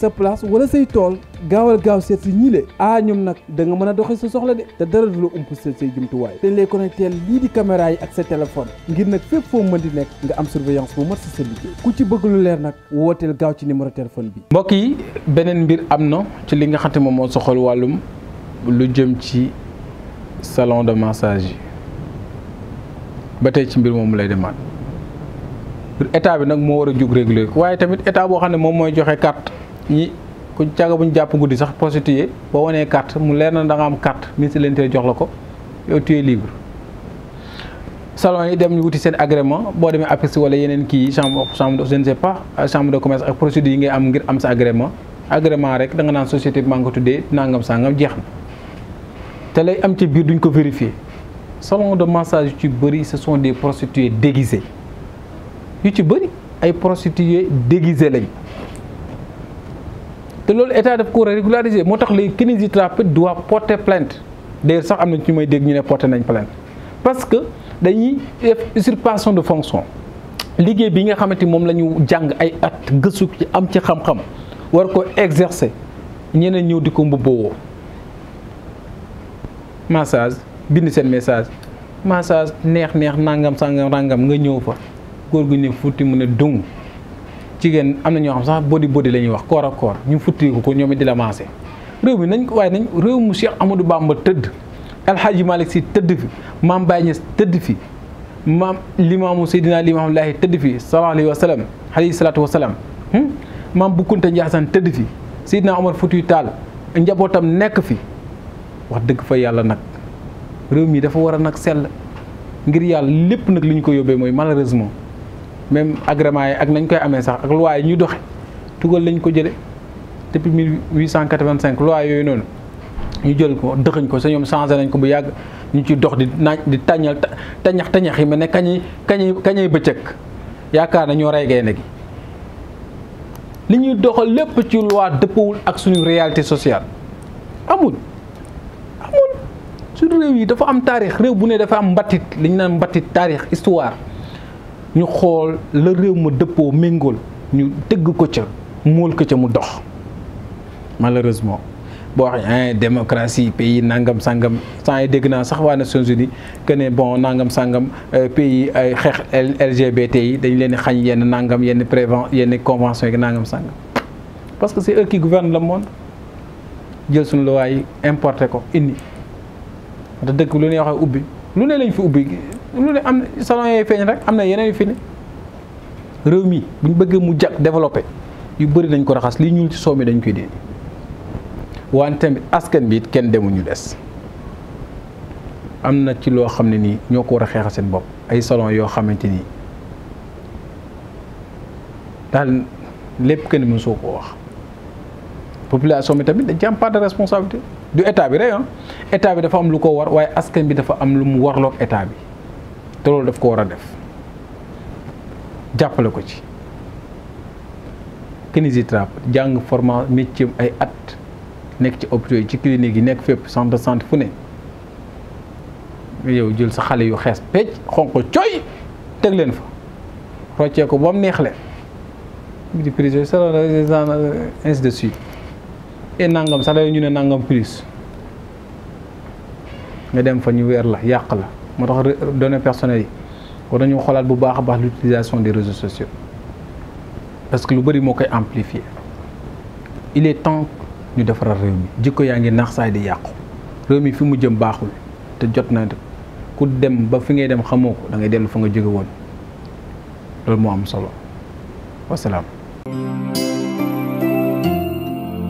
sa place wala say tool gaawal gaaw seet si ñiile ah ñoom nag da nga mën a doxee si soxla de te dara du la ump sa say jumtuwaay te ñu lay connecté lii di caméra yi ak sa téléphone ngir nag fépp foo mën di nekk nga am surveillance bu mat si sa liggéey ku ci bëgg lu leer nag wooteel gaaw ci numéro téléphone bi. mbokk yi beneen mbir am na ci li nga xam te moom moo soxal wàllum lu jëm ci salon de massage yi ba tey ci mbir moom mu lay demaat état bi nag moo war a jug réglé waaye tamit état boo xam ne moom joxe carte. ñi ku caga bu ñu jàpp guddi sax prostitué boo wanee carte mu leer na da nga am carte ministre de l'Intérieur jox la ko yow tu es salon yi dem ñu wuti seen agrément boo demee APEX wala yeneen kii yi chambre je ne sais pas chambre de commerce ak procédures yi ngay am ngir am sa agrément agrément rek da nga naan société bi maa ko tuddee nangam sangam jeex na te lay am ci biir duñ ko vérifier salon de massage yu ci bëri sa sont des prostituées déguisées yu ci bëri ay prostituées déguisées lañ. te loolu état daf ko war a régulariser moo tax les kinésithérapeutes doivent porter plainte d'ailleurs sax am na ci may dégg ñu ne porter nañ plainte parce que dañuy def de fonction liggéey bi nga xamante moom la ñu jàng ay at gëstu ci am ci xam-xam war ko exercer ñeneen ñëw di ko mbubboo massage bind seen message massage neex neex nangam sangam nangam nga ñëw fa góor gu ne fuuti mu ne dung jigéen am na ñoo xam sax body body la ñuy wax koor ak koor ñu futtiku ko ñoom di la maase réew mi nañ ko waaye nañ réew mu Cheikh Amadou Bamba tëdd El Hadji Malick Sy tëdd fi maam Baye tëdd fi maam limaamu Seydina Limaamu Laahi tëdd fi sallallahu alayhi wa sallam alayhi salaatu wa salaam hmm? maam bu Kunta Ndiassane tëdd fi Seydina Omar Foutiyu Taal njabootam nekk fi wax dëgg fa yàlla nag réew mi dafa war a nag sell ngir yàlla lépp nag li ñu ko yóbbee mooy malheureusement même agrément yi ak nañ koy amee sax ak loi yi ñuy doxe tugal lañ ko jële depuis 1885 loi yooyu noonu ñu jël ko dëxañ ko sa ñoom changé nañ ko bu yàgg ñu ci dox di naaj di tàññal tañax tañax yi mel ne kañuy kañuy kañuy bëccëg yaakaar na ñoo rey gaynde gi li ñuy doxal lépp ci loi dëppawul ak suñu réalité sociale amul amul suñu réew yi dafa am taarix réew bu ne dafa am mbatit li ñu naan mbatit taarix histoire ñu xool la réew ma dëppoo méngool ñu tëgg ko ca móol ko ca mu dox malheureusement boo waxee démocratie pays nangam sangam sans dégg naa sax waa Nations Unies que ne bon nangam sàngam euh, pays ay xeex LGBT yi dañ leen xañ yenn nangam yenn préven yenn convention yi nangam sangam parce que c'est eux qui gouvernent le monde jël suñu loi yi importé ko indi te dëkk lu ñuy waxee ubbi lu ne lañ fi ubbi. lu ne am salon yooyu feeñ rek am na yeneen yu fi ne réew mi bu ñu bëggee mu jag développé yu bëri nañ ko raxas li ñuul ci soow mi dañ koy dindi wante tamit askan bi kenn demu ñu des am na ci loo xam ne nii ñoo ko war a xeexal seen bopp ay salon yoo xamante nii daal lépp kenn mën soo koo wax population bi tamit dañ ci am part de responsabilité du état bi rek ah état bi dafa am lu ko war waaye askan bi dafa am lu mu warlook état bi te loolu daf ko war a def jàppale ko ci kinésithérapeute jàng format métier ay at nekk ci hôpitaux ci clinique yi nekk fépp centre de santé fu ne yow jël sa xale yu xees pecc xonq coy teg leen fa roccee ko ba mu neex leen di prise sa ainsi de suite et nangam ñu ne nangam prise nga dem fa ñu weer la yàq la moo tax données personnelles yi war nañu xoolaat bu baax a baax l'utilisation des réseaux sociaux parce que lu bëri moo koy amplifier il est temps ñu defaral réew mi jikko yaa ngi naax saay di yàqu réew mi fi mu jëm baaxul te jot naa ku dem ba fi ngay dem xamoo ko da ngay dellu fa nga jóge woon loolu moo am solo